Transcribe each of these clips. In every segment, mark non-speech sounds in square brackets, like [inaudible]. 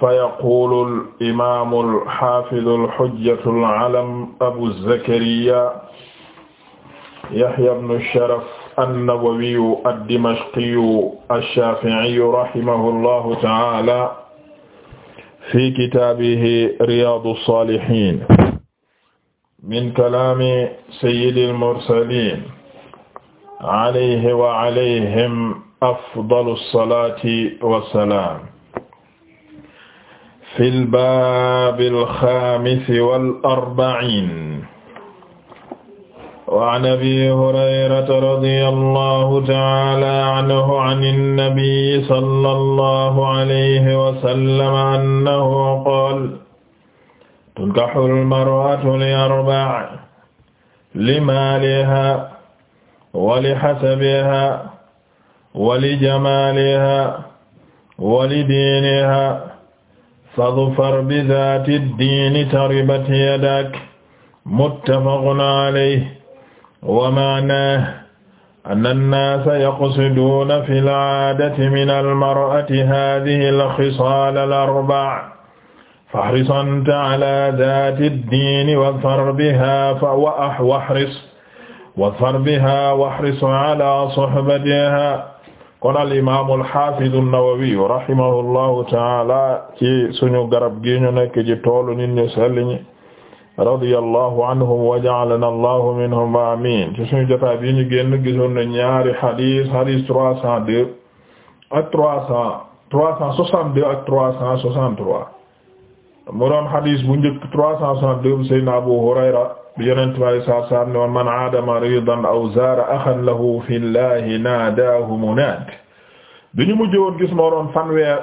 فيقول الإمام الحافظ الحجة العلم أبو زكريا يحيى بن الشرف النووي الدمشقي الشافعي رحمه الله تعالى في كتابه رياض الصالحين من كلام سيد المرسلين عليه وعليهم أفضل الصلاة والسلام fi lbaabi alxaamisi wal arba'iin wa an abi hurayrata radiyallahu ta'aala anhu anin nabiyyi sallallahu alayhi wa sallam annahu qaala tunkahul mar'atu li arba'in li maalihaa wa li hasabihaa wa li jamaalihaa wa li diinihaa fadfar bi zaati diini taribat yadak muttafaqun alayhi wa ma'naahu anna an-naasa yaqsiduuna fil 'aadati min al-mar'ati haadihi al-khisaal al-arba'a fahris anta 'alaa zaati diini wadfar bihaa wahris wadfar bihaa wahris 'alaa suhbatihaa kon al imaam al xaafiz an-Nawawi rahimahullahu taala ci suñu garab gi ñu nekk ci toolu nit ñu sell ñi radiyallahu anhum wa ja'alana allahu minhum amiin ci suñu jotaay bi ñu génn gisoon na ñaari xadiis xadiis trois cent deux ak trois cent trois cent soixante deux ak trois cent soixante trois mu doon xadiis bu njëkk trois cent soixante deux Seydina Abu Hurayra bi yonent bi alayhi salaatu wa salaam ne woon man aada maridan aw zaara axan lahu fi llahi naadaahu munaad bi ñu mujj woon gis moo doon fanweer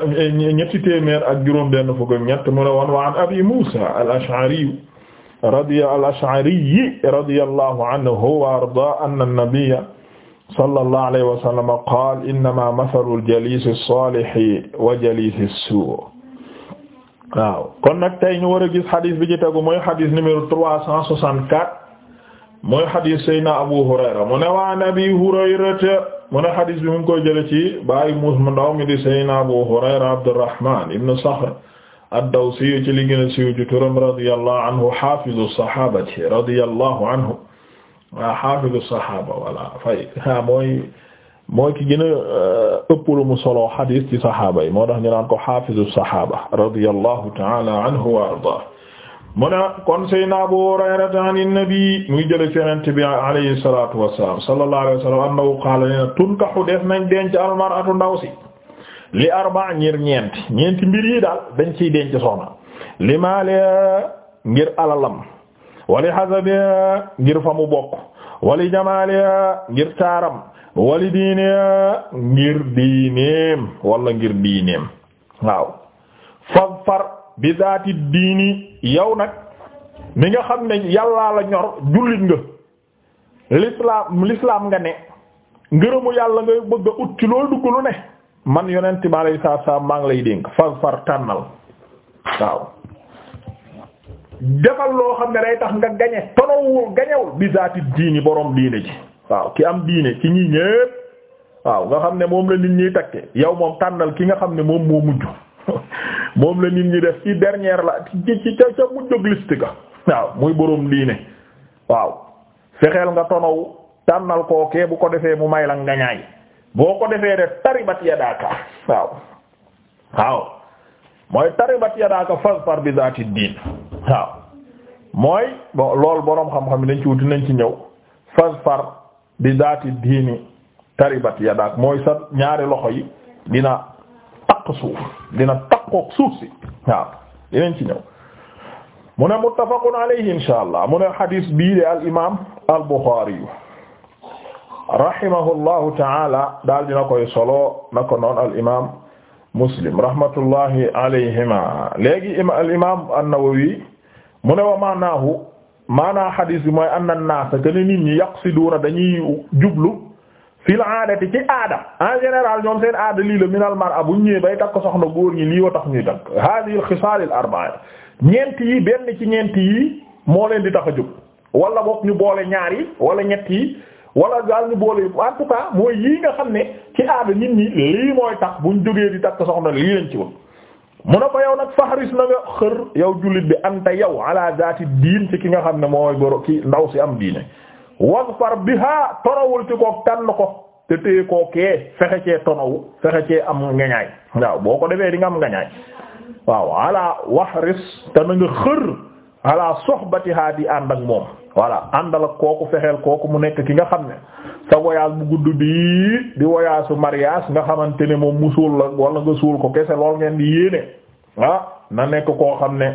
ñetti téeméer ak juróom-benn fukk ak ñett mu ne woon wa an abi Muusaa al-Ash'ari radiya al-Ash'ari radiyallahu anhu wa ardaa anna nabiyya sallallahu alayhi wa sallam qaala innamaa mathalu al-jaliisi as-saalihi wa jaliisi as-suu' waaw kon nag tey ñu war a gis xadis bi ci tegu mooy xadis numéro trois cent soixante-quatre mooy xadis Seydina Abu Hurayra mu ne waa Nabi Hurayra mu ne xadis bi mu ngi koy jële ci bàyyi muus mu ndaw mi di Seydina Abu Hurayra Abdurrahman ibn Sakhr ad-Dawsi ci li gën a siiw ci turam radiyallahu anhu xaafizu saxaabati radiyallahu anhu waa xaafizu saxaaba wala fay mooy mooy ki gën a euh, ëpp lu mu solo xadis moo tax ñu naan ko xaafizu saxaaba radiyallahu ta'ala anhu wa ardaa mu ne kon sayna Abu Hurayrata an nabi muy jële ci Yonent bi alayhi salaatu wa salaam sallallahu alayhi wa sallam annahu qaala lana tunkaxu def ndaw si li arba' ñir ñeent ñeenti mbir yi daal dañ ciy denc li maale ngir alalam wali hasabe ngir fa mu bokk wali ngir taaram wali diineya ngir diineem wala ngir diineem waaw fadfar bi daati diini yow nag mi nga xam ne yàllaa la ñor jullit nga l'islam l'islam nga ne ngërëmu yàlla nga bëgg a ut ci loolu dugg lu ne man yonent bi alayhi salaatu maa ngi lay dénk fadfar tànnal waaw defal loo xam ne day tax nga gañe tonowul gañewul bi daati diini borom diine ji waaw ki am diine ci ñi ñépp waaw nga xam ne moom la nit ñi takke yow moom tànnal ki nga xam ne moom moo mujj [laughs] moom la nit ñi def ci dernière la ci ci ca ca mujjug liste ga waaw muy boroom diine waaw fexeel nga tonaw tànnal kookee bu ko defee mu may la nga ñaay boo ko defee de taribat yadaaka waaw waaw mooy taribat yadaaka fasfar bi zaati diin waaw mooy bon loolu boroom xam-xam yi ci wuti nañ ci ñëw fasfar bi zaati diini taribat yadak mooy sa ñaari loxo yi dina takk suuf dina takkook suuf si waaw dinañ ci ñëw mu ne muttafaqun alayhi insha allah mu ne xadis bii de al imam al Bukhari yu rahimahullahu taala daal dina koy solo na ko noon al imam Muslim rahmatullahi alayhima léegi al imam an-Nawawi mu ne wa maanaahu maanaa xadiis bi mooy anna naasa que ne nit ñi yaqsiduuna dañuy jublu fil aadati ci aada en général ñoom seen aada lii la minal mar'a bu ñëwee bay takk soxna góor ñi lii wa tax ñuy takk hadihi al xisaal al arba'a ñeent yi benn ci ñeent yi moo leen di tax a jóg wala boog ñu boole ñaar yi wala ñett yi wala daal ñu boole en tout mooy yii nga xam ne ci aada nit ñi lii mooy tax bu ñu jógee di takk soxna lii lañ ci woon. mun ne ko yow nag faxaris na nga xër yow jullit bi anta yow ala zaati diin ci ki nga xam ne mooy boro ki ndaw si am diine bi biha tonawul ci ko tànn ko te téye koo kee fexe cee tonawu fexe cee am ngañaay waaw boo ko defee di nga am ngañaay waaw ala waxris te na nga xër ala soxbatiha di ànd ak moom voilà àndal ak kooku fexeel kooku mu nekk ki nga xam ne sa voyage bu gudd bii di voyage su nga xamante ne moom mu suul la wala nga suul ko kese lool ngeen di yéene ah na nekk koo xam ne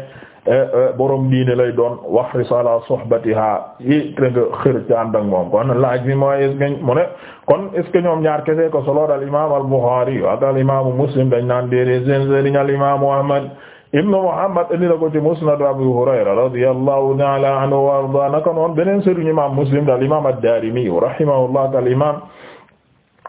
eh, eh, borom diine lay doon wax risala sohbatiha yi te nga xër ci ànd ak moom kon laaj bi mooy est-ce mu ne kon est-ce ñaar kese ko solo dal imam al Bukhari ak al imaamu Muslim dañ naan déedéet seen sëriñ al imaamu Ahmad ibn Muhammad indi na ko ci Musnad Abi Hurayra radiyallahu ta'ala anhu wa arda naka noon beneen sëriñ imam Muslim daal imam ad-Daarimi rahimahullah ta'ala imam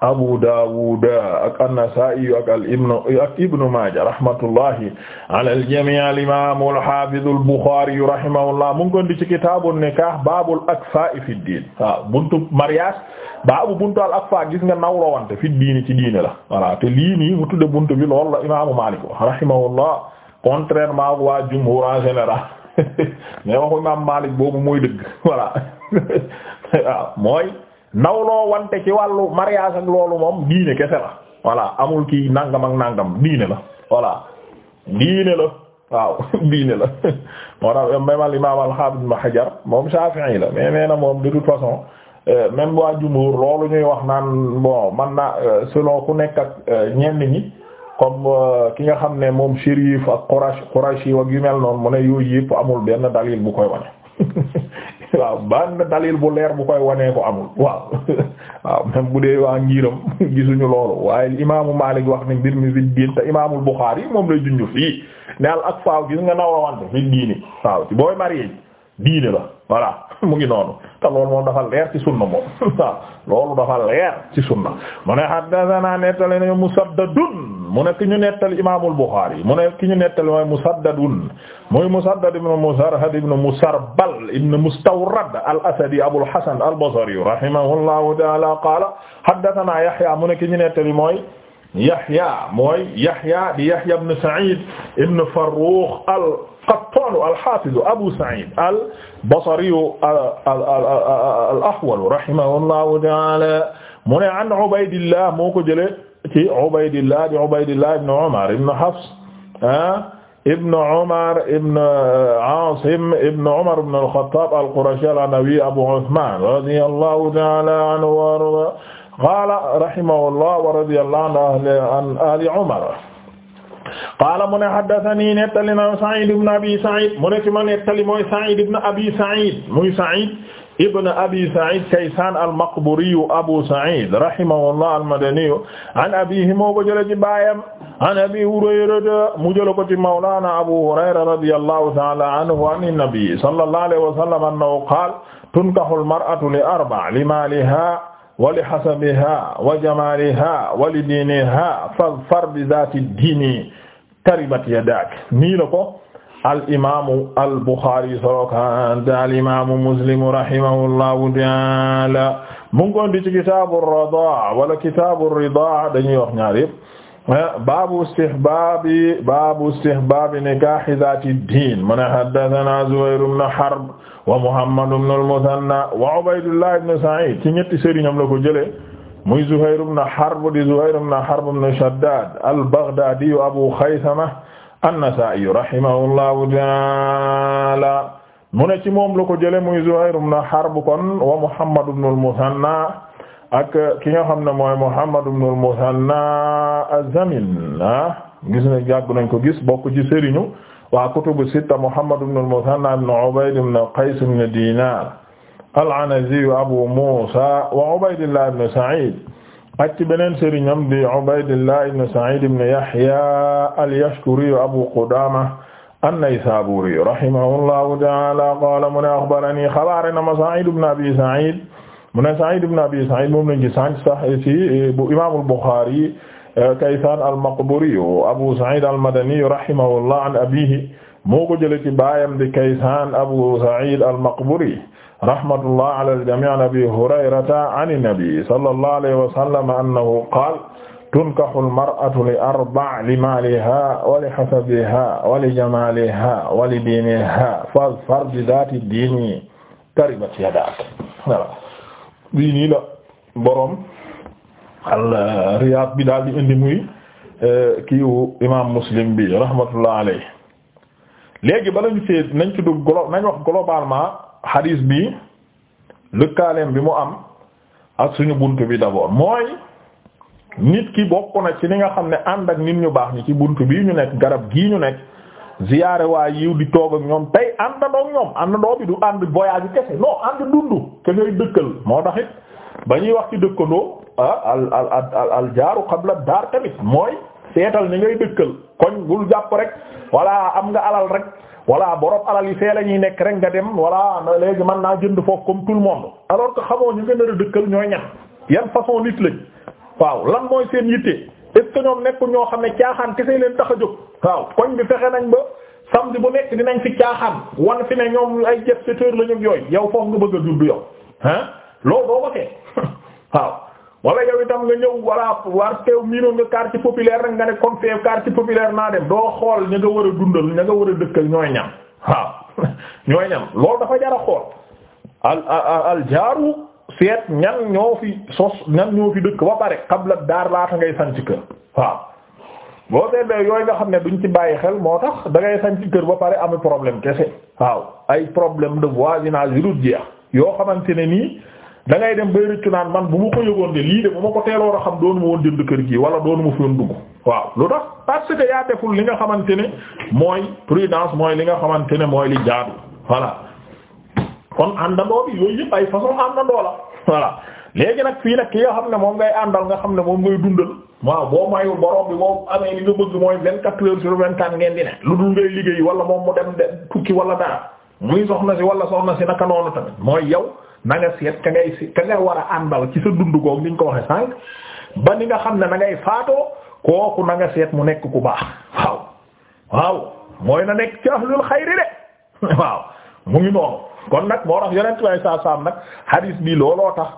Abu Dawud ak an-Nasa'i ak al ibn ak Ibn Maaja rahmatullahi ala al-jamii' al-imam al-hafiz al-Bukhari rahimahullah mu ngi kondi ci kitaabun nikaah baabul akfaa fi diin waaw buntu mariage baabu buntu al akfaa gis nga nawlowante fi diini ci diine la voilà te lii nii mu tudde buntu bi loolu la imaamu Maalik rahimahullah contrairement ak waa jumhur en général mais waxu imaam Maalik boobu mooy dëgg voilà waaw mooy nawloo wante ci wàllu mariage ak loolu moom diine kese la voilà amul kii nangam ak nangam diine la voilà diine la waaw [laughs] diine la moo tax même al imaam al-Hafiz Ibn Hajar moom la mais na moom de toute façon euh, même waa jumhur loolu ñuy wax naan bon man na euh, selon ku nekk ak euh, ñenn ñi comme euh, ki nga xam ne moom shérif ak Qurash Qurashi wak yu mel noonu mu ne yooyu yëpp amul benn dalil bu koy wane [laughs] waaw benn dalil bu leer bu koy wanee ko amul waaw [laughs] waaw même bu dee waa ngiiram [laughs] gisuñu loolu waaye imaamu Maalik wax ni mbir mi fi diin te imaamul Buxaari moom lay junj fii ne al akfaaw gis nga naw a wante fi diini waaw booy marié diine la voilà [laughs] mu ngi noonu te loolu moom dafa leer ci sunna moom [laughs] waaw loolu dafa leer ci sunna mu ne haddathana nettali nañu musaddadun mu ne ki ñu nettali imaamul Buxaari mu ne ki ñu nettali mooy musaddadun mooy musaddad ibn musarhad ibn musarbal ibn mustawrad al asadi abul hasan al basri rahimahullahu ta'ala qaala haddathana yahya mu ne ki ñu nettali mooy yahya mooy yahya di yahya ibn sa'id ibn farrukh al loolu alxafidu Abu Saïd al-Basriyu al-Ahwalu rahimahullahu ta'ala mu ne an Ubaydillah moo ko jëlee ci Ubaydillah di Ubaydillah ibn Umar ibn Hafs ah, ibn Umar ibn Asim ibn Umar ibn al-Khattab al-Qurashi al-Anawi Abu Uthman radiyallahu ta'ala anhu wa arda qala rahimahullah wa radiyallahu an ahli Umar qaala mu ne haddathanii nettali na Sa'id ibn Abi Sa'id mu ne ci ma nettali mooy Sa'id ibn Abi Sa'id muy Sa'id ibn Abi Sa'id Kaysan al-Maqburi Abu Sa'id rahimahullah al-Madani an abiihi moo ko jëlee ci baayam an Abi Hurayra mu jëlee ko ci mawlaana Abu Hurayra radiyallahu ta'ala anhu an an-nabi sallallahu alayhi wa sallam annahu qaala tunkahu al-mar'atu li arba' li maaliha wali hasabiha wa jamaliha wali diiniha fazfar bi zaati diini taribat yadak nii la ko al imaamu al buxaari sorokant al imaamu muslimu rahimahullahu taala mu ngi koy di ci kitaabu ridaa wala kitaabu ridaa dañuy wax ñaar yëpp baabu istihbaabi baabu istihbaabi nikaahi zaati diin man haddasanaa Zuhayr ibn Harb wa Muhammad ibn al-Muthanna wa Ubaydullah ibn Sa'id ci ñetti sëriñam la ko jëlee muy Zuhayr ibn Harb di Zuhayr ibn Harb ibn Shaddad al-Baghdadi Abu Khaythama an-Nasa'i rahimahullahu ta'ala mu ne ci moom la ko jëlee muy Zuhayr ibn Harb kon wa Muhammad ibn al-Muthanna ak ki nga xam ne mooy Muhammad ibn al-Muthanna az-Zamin ah gis na jàgg nañ ko gis bokk ci sëriñu waa kutubu sitta Muhammad ibn al-Muthanna ibn Ubayd ibn Qays ibn Dinar al-Anazi Abu Musa wa Ubaydillah ibn Sa'id ak ci beneen sëriñam di Ubaydillah ibn Sa'id ibn Yahya al-Yashkuri Abu Qudama an-Naysaburi rahimahullahu ta'ala qala mu ne akhbarani xabaare na ma Sa'id ibn Abi Sa'id mu ne Sa'id ibn Abi Sa'id moom lañ ci sànq sax ci bu Imam al-Bukhari Kaysaan al-Maqburi Abu Sa'id al-Madani rahimahullah an abiihi moo ko jëlee ci baayam di Kaysaan Abu Sa'id al-Maqburi rahmatullah ala al-jamii' an Abi Hurayrata an an-nabi sallallahu alayhi wa sallam annahu qaala tunkahu al-mar'atu li arba' li maalihaa wa li hasabihaa wa li jamaalihaa wa li diinihaa fazfar bi zaati diini taribat yadaak voilà lii nii la boroom al Riyad bi daal di indi muy eh, kiiwu imaam Muslim bi rahmatullah alayhi léegi bala ñu see nañ ci dugg glo nañ wax globalement hadith bi lëkkaaleem bi mu am ak suñu bunt bi d'abord mooy nit ki bokk na ci li nga xam ne ànd ak nit ñu baax ñi ci bunt bi ñu nekk garab gii ñu nekk ziyaare waa yiw di toog ak ñoom tey àndandoo ak ñoom àndandoo bi du ànd voyage kese non ànd dund ke dëkkal moo taxit ba ñuy wax ci dëkkandoo ah al al al al jaaru qabla daar tamit mooy seetal ni ngay dëkkal koñ bul jàpp rek walla am nga alal rek walla borom alal yi fee la ñuy nekk rek nga dem walla léegi mën naa jënd foofu comme tout le monde alors que xamoo ñu nga nar a dëkkal ñooy ñan yan façon nit lañ waaw lan mooy seen yitte est-ce que ñoo xam ne caaxaan kese leen tax a jóg waaw koñ bi fexe nañ ba samedi bu nekk dinañ fi caaxaan wan fi ne ñoom ay jet seteur la ñu yooyu yow foofu nga bëgg a juddu yow ah loolu doo ko seet [laughs] waaw wala yow itam nga ñëw wala war teew miinoon nga quartier populaire rek nga ne comme feew quartier populaire naa dem doo xool ña nga war a dundal ña nga war a dëkkal ñooy ñam waaw [laughs] ñooy ñam loolu dafa jar a xool al al al jaaru seet ñan ñoo fi sos ñan ñoo fi dëkk ba pare qabla daar laata ngay sanc kër waaw boo seetlee yooyu nga xam ne duñ ci bàyyi xel moo tax da ngay sanc kër ba pare amul problème kese waaw ay problème de voisinage yu dul yoo xamante ne nii. da ngay dem bay rëccu naan man bu ma ko yëgoon de lii de bu ma ko teeloon a xam doonu ma woon jënd kër gi wala doonu ma fi woon dugg waaw lu tax parce que yaa deful li nga xamante ne mooy prudence mooy li nga xamante ne mooy li jaadu voilà kon àndandoo bi yooyu yëpp ay façon àndandoo la voilà nag ki nga xam ne moom ngay àndal nga xam ne moom ngay dundal waaw boo mayul borom bi boo amee li mooy vingt quatre heures sur vingt lu dul liggéey wala moom mu dem tukki wala dara muy soxna si wala soxna si naka noonu tamit mooy yow na nga seet ka ngay si ka nga war àndal ci sa dund goog ni ko waxee sànq ba ni nga xam ne na ngay faatoo kooku na seet mu nekk ku baax waaw waaw mooy na nekk ci ahlul xayri de [laughs] waaw mu ngi noonu kon nag moo tax yonent way saa saam nag hadis bi looloo tax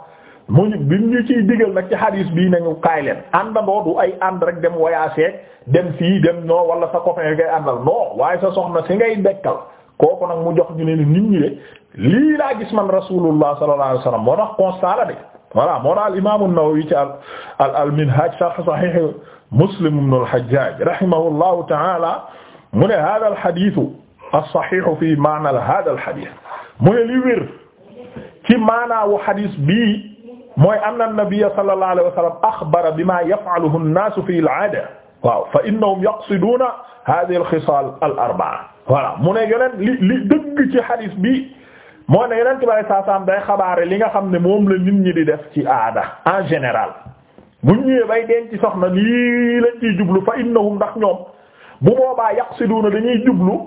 mu ñu bi ñu ciy digal nag ci hadis bii nañu kaay leen àndandoo du ay ànd rek dem voyage dem fii dem noo wala sa copain ngay àndal non waaye sa soxna si ngay dekkal kooku nag mu jox ñu ne nit ñi de lii laa gis man rasulullah sallallahu alayhi wasallam moo tax constat la de voilà moo tax al imam an-Nawawi ci al al minhaj sharh sahih muslim ibn al-Hajjaj rahimahullahu ta'ala mu ne hada al hadith as-sahih fi ma'na hada al hadith mu ne li wér ci maanaawu hadith bii mooy anna an-nabiy sallallahu alayhi wasallam akhbara bima yaf'aluhu an-nas fi al-'ada waaw fa innahum yaqsiduuna hadhihi al-xisaal al-arba'a mu ne yonent li li dëgg ci hadith bi moo ne yonent bi saa saam day xabaare li nga xam ne moom la nit ñi di def ci aada en général bu ñëwee bay denc soxna lii lañ ciy jublu fa innahum ndax ñoom bu boobaa yaqsiduuna dañuy jublu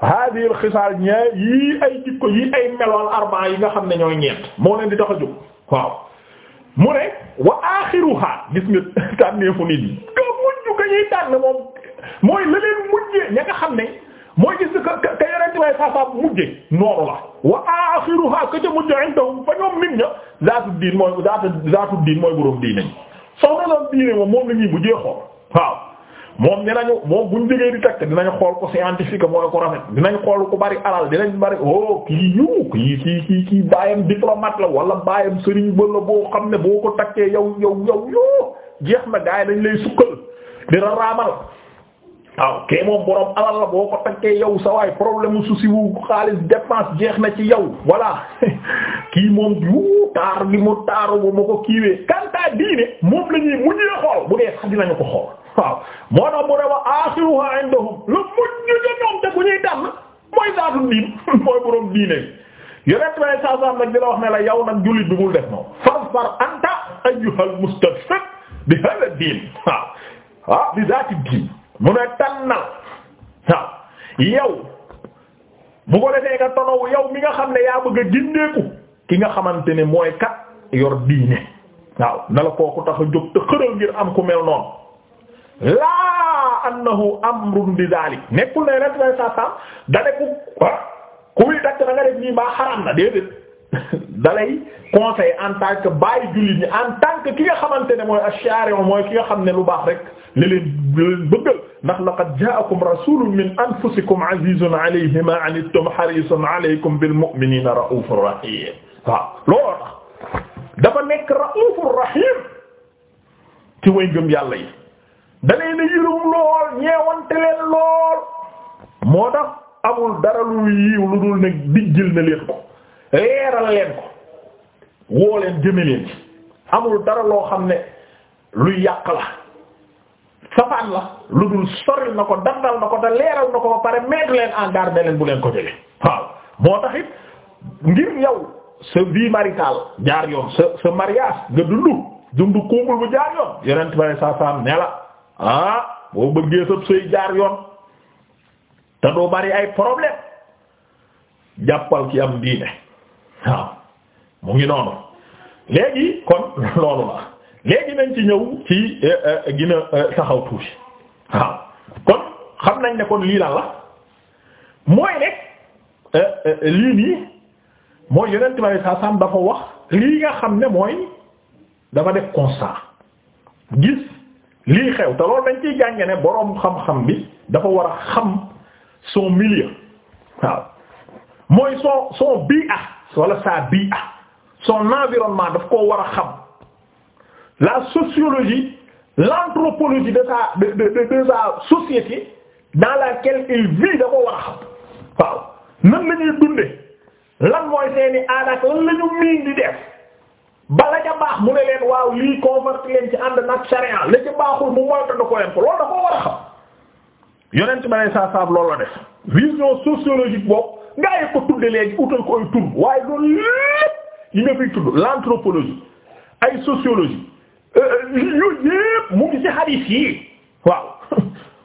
hadhihi al-xisaal ñaar yii ay jikko yii ay melo arba'a yi nga xam ne ñooy ñeent moo leen di tax a jub waaw mu ne wa aaxiruha gis nga tànneefu nit yi dañuy tànn moom mooy la leen mujjee ña xam ne mooy gis ka ka yorenti waay saasaam mujjee nooru la wa axiruha ka ca mujjee indahum fa ñoom nit ña zaatu diin mooy zaatu mooy borom diine ñi soxna doon moom moom la ñuy mujjee xool waaw. moom dinañu moom buñ jógee di takk dinañu xool ko scientifique mooy ko rafet dinañ xool ku bari alal dinañ bari oh kii yu kii kii kii baayam diplomate la wala baayam sëriñ ba la boo xam ne boo ko takkee yow yow yow yoo jeex na gaay dañ lay sukkal dina raamal waaw kee moom borom alal la boo ko takkee yow sa waay problème si wu xaalis dépense jeex na ci yow voilà [laughs] kii moom wu taar bi mu taaru bu ma ko kiiwee kantaa diine moom la ñuy mujjee xool bu dee sax dinañu ko xool waaw moo tax mu ne wa axiruha indahum lu mujj ga ñoom te ku ñuy tànn mooy saatu diin [laughs] mooy borom diine yonent may saasaam nag wax ne yow nag jullit bi def moom far anta ayyuhal mustafid bi hada diin waaw ah bi zaati diin mu ne tànnal waaw yow bu ko defee nga yow mi nga xam ne yaa bëgg a gindeeku ki nga xamante ne mooy kat yor diine waaw na la kooku tax a jóg te xëral ngir am ku mel noon laa annahu amrun bi daalik nekkul ne rek lay sàttam da nekku ku muy dakk na nga def nii mbaa xaram na déedéet [laughs] dalay conseil en tant que bàyyi jullit ñi en tant ki nga xamante ne mooy ashari mooy ki nga xam ne lu baax rek ne leen leen bëggal ndax laqad ja'akum rasulun min anfusikum azizun alayhi ma anittum harisun alaykum bil rahim waaw loolu nekk ra'ufur rahim ci way ngëm yàlla yi da leen a yërëm lool ñeewante leen lool moo tax amul dara lu yiw lu dul ne dijjil na leen ko leeral leen ko woo leen jëme leen dara loo xam ne luy yàq safaan la lu dul soril na ko dandal na ko te leeral na ko pare mettre leen en garde bu leen ko jege waaw moo tax ngir yow sa vie maritale jaar yoon sa sa mariage nga dundu dundu couple bu jaar yoon yeneen bare sa saam ne ah boo bëggee sab jaar yoon te doo bari ay problème jàppal ki am diine waaw mu ngi noonu léegi kon [laughs] loolu la léegi nañ ci ñëw ci eh, eh, gina eh, taxaw tuuti waaw kon xam nañ ne kon lii lan la mooy rek lii nii mooy yonent bi saa saam dafa wax lii nga xam ne mooy dafa def constat gis lii xew te loolu dañ ciy jànge ne boroom xam-xam bi dafa war a xam son milieu waaw mooy son son bii ah wala sa bii ah daf koo war a xam la sociologie l'anthropologie de sa de de de, de sa société dans laquelle il vit da ko war a xam waaw nan la ñuy dunde lan mooy seeni aada ak lan la ñu di def bala ca baax mu ne leen waaw lii converti leen ci ànd nag charia la ca baaxul mu moytu da ko leen ko loolu da ko war a xam yonent ma ne saa saab loolu la def vision sociologique boobu ngaa yëg ko tudde léegi utal ko ay waaye loolu lépp yi nga fiy tudd l'anthropologie ay sociologie Euh, euh, yooyu yépp mu ngi ci hadith yi waaw [laughs]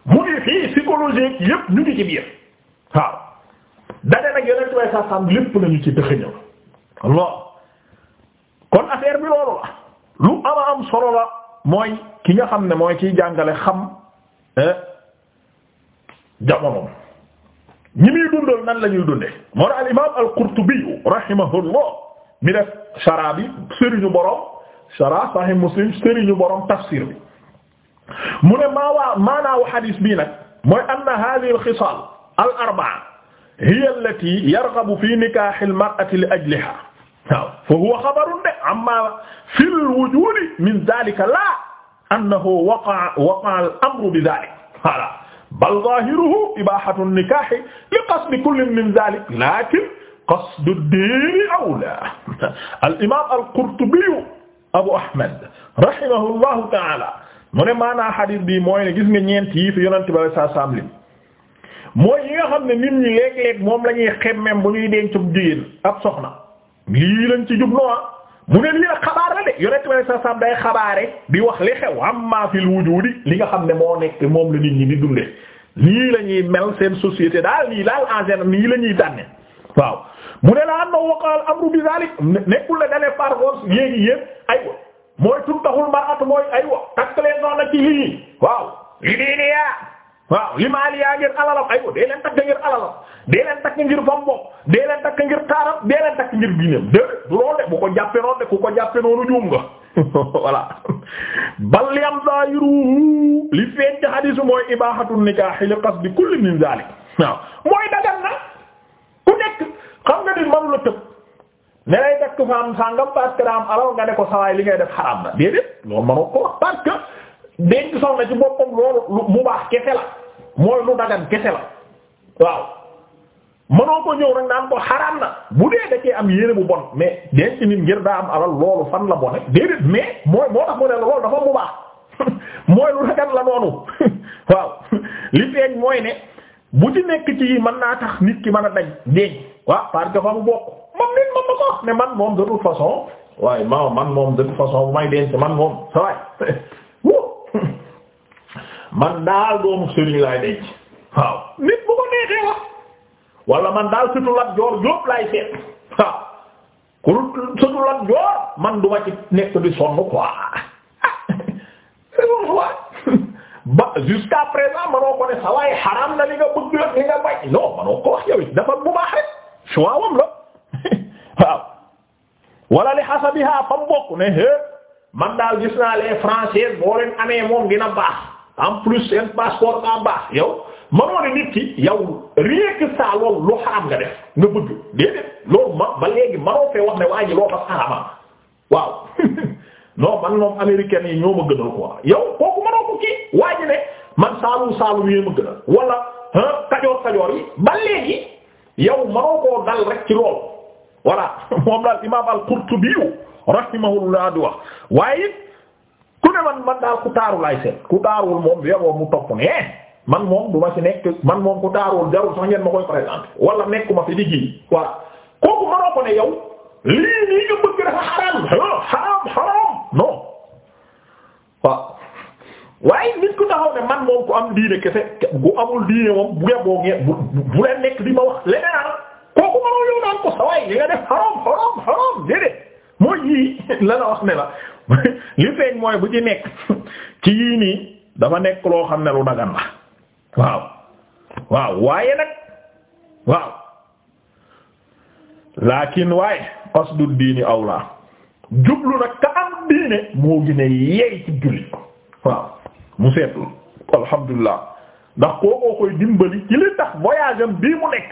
mu ngi fii psychologie yépp ñu ngi ci biir waaw dane nag yonent way sa sam lépp lañu ci dëxëñëw lool kon affaire bi loolu la lu ama am solo mooy ki nga xam ne mooy kiy jàngale xam eh, jamonoom ñi muy dundal nan la ñuy dunde moo al imam al-Qurtubi rahimahullah mi def sharabi sëriñu borom sara sahih muslim sëriñu borom tafsir bi mu ne maa waa maanaawu xadis bii nag mooy anna hadhihi al-xisaal al-arba'a hiya allati yarghabu fi nikaahi al-mar'ati li ajliha waaw fa huwa xabarun de amma fi al-wujuudi min dhaalika laa annahu waqa'a waqa'a al-amru bi dhaalik bal zaahiruhu ibaahatu nikaahi li qasdi kullin min dhaalik laakin qasdu ad-diini awlaa al-imaam al-Qurtubi Abu Ahmad rahimahullahu taala mu ne maanaa xadiis bii mooy ne gis nga ñeent yi fi yonent ba saa saam mooy yi nga xam ne nit ñi léeg-léeg moom la ñuy xemmem bu ñuy denc bu jigéen ab soxna lii lañ ci jub noonu ah. mu ne lii la xabaar la de yonent ba saa saam day xabaare di wax li xew amma fil wujudi li nga xam ne moo nekk moom la nit ñi di dundee nii la ñuy mel seen société daal nii daal en général nii la ñuy dànne waaw mu ne la am na waqaal aywa mooy tuntaxul mar'atu mooy aywa takk leen noonu ci lii waaw li diine yaa waaw li maali yaa ngir alalam aywa dee leen takk ngir alalam dee takk ngir fam bopp takk ngir taaram dee takk ngir diineem de du loolu de bu ko jàppe noonu ku ko jàppe noonu juum [laughs] bal yam zaahiru li feeñ ci hadiisu mooy ibaahatu nikaahi li qasdi kulli min zaalik waaw mooy ku nekk xam nga manu la tëb ne lay takk faam sàngam parce daa am alal nga ne ko sawaay li ngay def xaraam na déedéet loolu mënoo ko wax parce que denc soxna ci boppam loolu mu baax kese la mooy lu dagan kese la waaw mënoo ko ñëw rek naan ko xaraam na bu dee da cee am yére bu bon mais denc nit ngir daa am alal loolu fan la bone déedéet mais mooy moo tax mu ne loolu dafa mu baax [laughs] mooy lu dagan la noonu [laughs] waaw li feeñ mooy ne bu ci nekk ci mën naa tax nit ki mën a daj denc waaw parce moom nit moom na ko wax ne man moom de toute façon waaye ma man moom de toute façon bu may denc man moom sa [laughs] waay [laughs] man daal doomu sëriñ laay denc waaw nit bu ko neexee wax wala man daal sutu lat joor jóob laay seet waaw ku sutu lat joor man duma ci nekk di sonn quoi [laughs] c'est bon quoi ba jusqu'à présent manoo ko ne sa waay xaraam na li nga bëgg la li nga bañ non manoo ko wax yow it dafa bu baax rek choix wam la waaw wala li hasabiha fa mu bokk ne hé man daal gis naa les français boo leen amee moom dina baax en plus seen passeport daa baax yow mënoo ne nit ki yow rien que lu xaram nga def nga bëgg déedéet loolu ma ba léegi manoo fee wax ne waa ji loo fa ah. waaw [laughs] non man moom américain yi ñoo ma gënal quoi yow kooku mënoo ko kii waa ji ne man saalum saalum yee ma gënal wala kajoor kajoor yi ba léegi yow mënoo dal rek ci loolu. voilà [laughs] moom daal imaam al-Qurtubi rahimahullah di wax waaye ku ne man man daal ku taaru laay seet ku taaruwul moom yow mu topp ne eh, man moom du ma ci nekk man moom ku taaruwul jarul sax ngeen ma koy présenter wala nekkuma fi liggéey voilà kooku mënoo ko ne yow lii nii nga bëgg dafa xaraam xaraam xaraam non waaw. waaye nit ku taxaw ne man moom ku am diine kese bu amul diine moom bu yeboo ngeen bu leen nekk di ma wax leneen naan ko nga def xaram xaram xaram déedéet mooy yii la la wax ne li feeñ mooy bu ci nekk [laughs] ci yii nii dafa nekk loo xam ne lu dagan la waaw waaw waaye nag waaw laakin waaye qasdu diini awla jublu nag ka am diine moo gën yeey ci jullit waaw mu seetlu alhamdulilah ndax kookoo koy dimbali ci li tax voyage bii mu nekk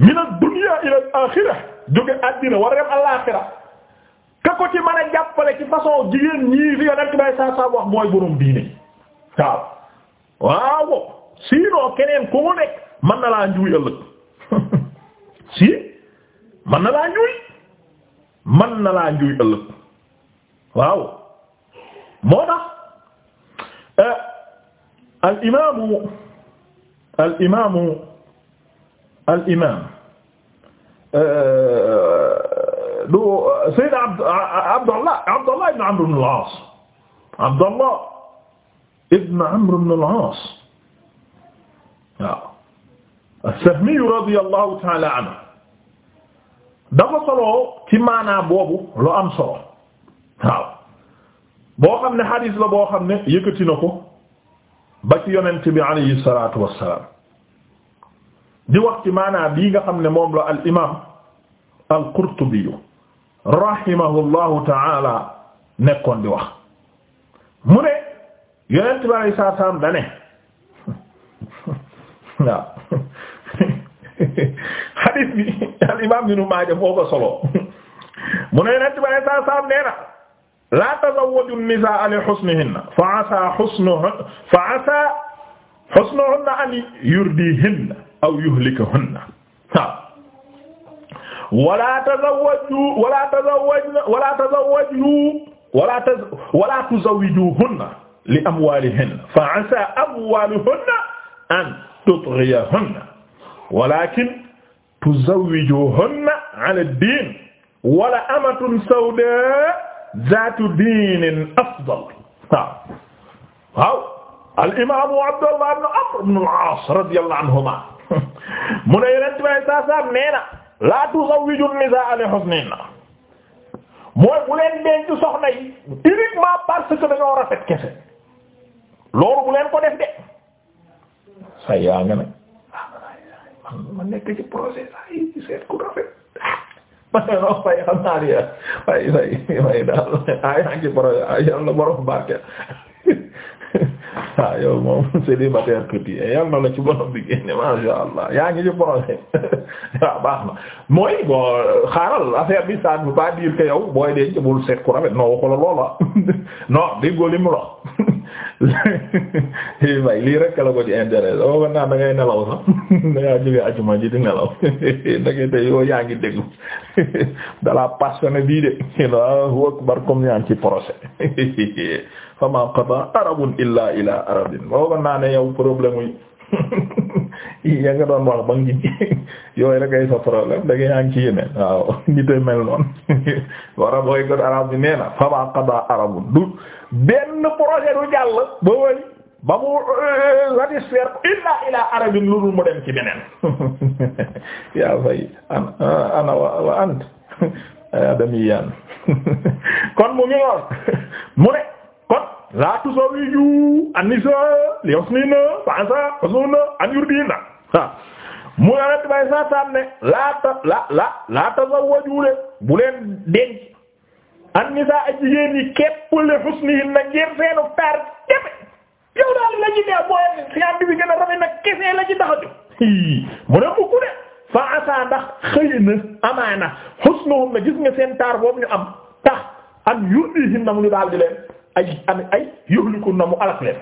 min ad-dunya ila al-akhirah jóge àddina al-akhirah ka ci mën a jàppale ci façon jigéen ñii fi yonent bay saa saa wax mooy borom diine waaw waaw sinon keneen ku mu laa njuuy ëllëg [laughs] si mën na laa njuuy mën laa njuuy ëllëg waaw moo eh, al imaamu al imaamu al imaam euh, du Seydina Abdallah Abdallah ibn Amr ibn al-As Abdallah ibn Amr ibn al-As waaw as-Sahmi radiyallahu ta'ala anhu dafa solo ci maanaa boobu lu am solo waaw boo xam ne xadiis la boo xam ne yëkkati na ko ba ci yonent bi alayhi salaatu wassalaam di wax ci maanaam bii nga xam ne moom la al imaam al qurtubi rahimahullahu taala nekkoon di wax mu ne yonent bi alayhi salaatu salaam dane [laughs] waaw hadith [laughs] bi al imaam Ibnu Maaja moo ko solo [laughs] mu ne yonent bi alayhi salaatu salaam nee na laa tazawwaju nisaa li husnihinna fa asaa husnuhunna fa asaa husnuhunna an yurdihinna aw yuhlikahunna wala tazawwaju wala tazawwajna wala tazawwaju wala taz wala tuzawwijuhunna li amwalihinna fa asa amwaluhunna an tutghiyahunna walakin tuzawwijuhunna ala din wala amatun sawda zaatu diinin afdal waaw al imaamu Abdullah ibn Amr ibn al-As radiyallahu anhuma [laughs] mu ne yeneen ci may saa saa nee na laa tuzawwiju nisaa ala husnihinna mooy bu leen denc soxna yi uniquement parce que dañoo rafet kese loolu bu ko def de say yaa nga nag ma ci projet saa ci seet ku rafet ma ne non naa ni waaye say waaye daal ay yaa ngi ci projet ay [laughs] ah yow moom [laughs] célibataire tuuti yal na la ci borom bi génne masha Allah yaa ngi ci projet waaw [laughs] ah, baax na mooy bon xaaral affaire bi ça ne veut pas dire que booy denc bul seet ku rafet non waxu la loola non déggoo li mu wax bay eh, lii rek la ko ci intérêt oo ko naa da ngay nelaw sax da ji di yaa ngi déglu dala passionné bii de waaw wëkk bar comme ci projet fama qada arabun illa ila arabin boogoon naa ne yow problème [laughs] yi nga doon wax ba [laughs] yooyu rek ay sa problème da nga ngi ci yeneen waaw [laughs] nit a mel noonu wara booy got arab bi nee na fama qada du benn projet du ba woy ba mu euh, satisfaire illa ila arabin lu dul mu dem ci beneen yaa fay euh, ana wa ant adamiyaan kon mu ngi noonu mu ne laa tusawi yu li yusnina fansa usuna an yurdina mu yonent bay saa saam ne laa ta la la laa tazawwaju de bu leen denc anisa ak jigéen yi képp le husnihin na ngir seenu taar daal la ci booy science bi gën a rafet nag kese la ci tax a jóg mu ne de fa asa ndax xëy amaana husnuhum na gis nga seen am tax an yurdihim mu ñu daal di leen ay an ay yuhlikunna mu alak leen